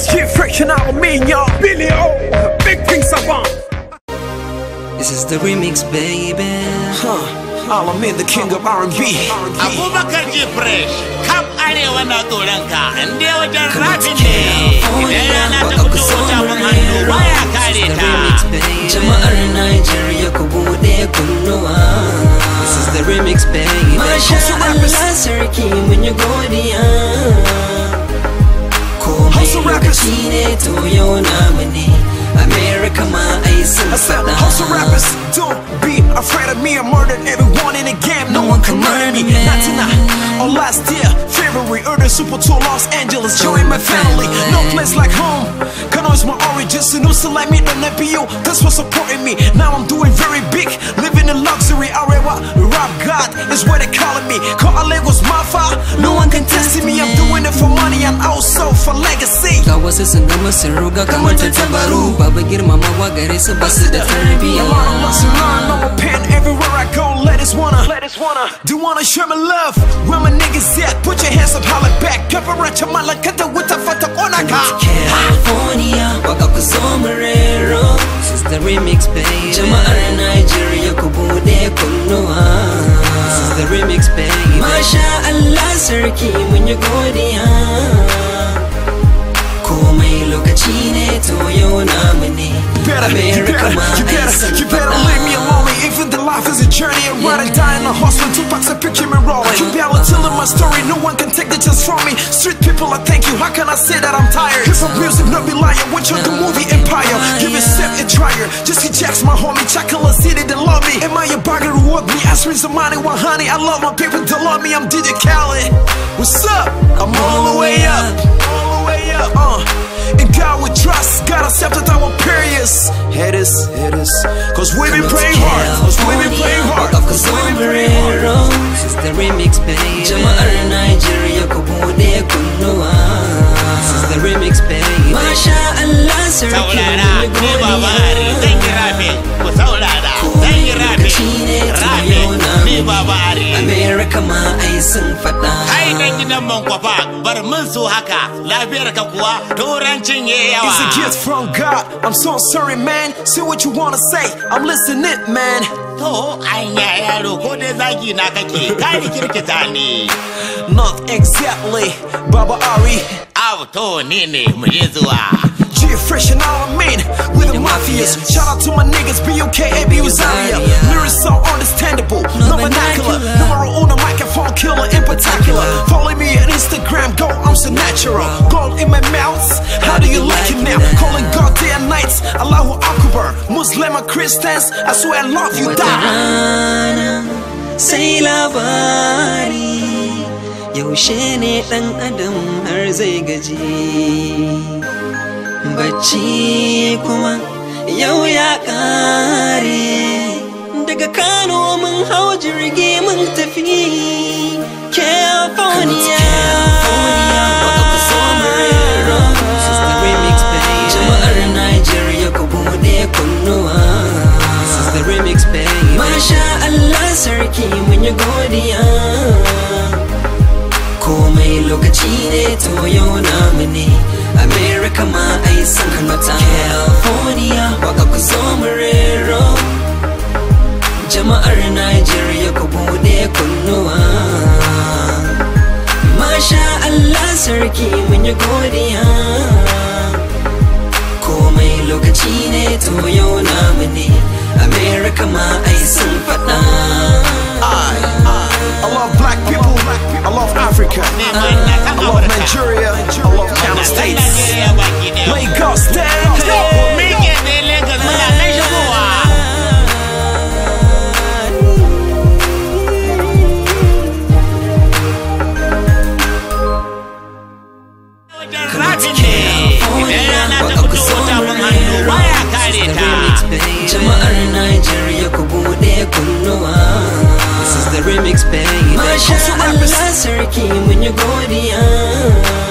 This y'all. Billy O, big savant. This is the remix, baby. Huh. I'll admit the king of R&B Abubakar G Fresh Kam arewa na tsoronka Inde wajen rafin ne Idan rana ta fito wata mun hannu baya kare ta Jama'ar Nigeria bude This is the remix baby Masha Allah sarki mun yi I ne to yau Hustle rappers don't be afraid of me I murdered everyone in the game No, no one can murder me Not tonight or last year February Earth Super Tour Los Angeles Join my family No place like home Canoe's my origin Sinusa like me The NPO That's what's supporting me Now I'm doing very big Living in luxury I God is what they calling me Calling was my fire, no one can test me I'm doing it for money, I'm also for legacy Kawa sasa na masiruga kamar ta tabaru Baba girmama wa gare su basu da tarbiyya I'm a pen everywhere I go, let us wanna Let us wanna Do wanna share my love, where my niggas at Put your hands up, holler back Cover at your malakata, what the fuck, ona ka the remix baby Jama'ar Najeriya ku bude kunnuwa This is the remix baby Masha Allah sir, mun yi godiya Komai lokaci ne to yau namu ne America You better, you better leave me alone Even the life is a journey I ride and die in the hospital Tupac's a picture me rolling You better telling my story No one can take the chance from me Street people I thank you How can I say that I'm tired If i music, no be lying What you just he checks my homie, Chocolate City, they love me. Am I your bagger who want me? Asking some money, want honey. I love my people, they love me. I'm DJ Khaled. What's up? I'm all the way up. All the way up. Uh, in God we trust, God accept accepted our prayers. Haters, haters. Cause we been praying hard. Cause we been praying hard. Cause we been praying hard. This is the remix, baby. Jama'ar Nigeria, Kubu de Kunuwa. This is the remix, baby. Masha Allah sarki Saurara ko baba Ari zan yi rafe ku saurara zan yi rafe rafe ni baba Ari ma ai sun faɗa Ai yi gidan man kwafa bar mun so haka lafiyar ka kuwa turancin yayi yawa It's a gift from God I'm so sorry man say what you wanna say I'm listening man To an ya yaro ko dai zagi na kake kai kirkita ne Not exactly baba Ari Salvatore Nene Mjezua. Fresh and all i mean with the mafias. Shout out to my niggas, BOK, AB Uzaria. Lyrics so understandable, no vernacular. Numero uno, microphone killer in particular. Follow me on Instagram, go, I'm Sinatra. Gold in my mouth, how do you like it now? Calling God day and nights, Allahu Akbar. Muslim and Christians, I swear I love you, die. Say love, yaushe ne ɗan adam har zai gaji bacci kuma yau ya ƙare daga kano mun hau jirgi mun tafi california jama'ar nigeria kunnuwa Masha Allah sarki mun yi godiya America ma California waka Jama'ar Nigeria kunnuwa Masha Allah sarki America ma I, I love black people, I love Africa. Uh, love Nigeria. I love Ghana States. Lagos, Jama'ar ku bude kunnuwa remix, baby Masha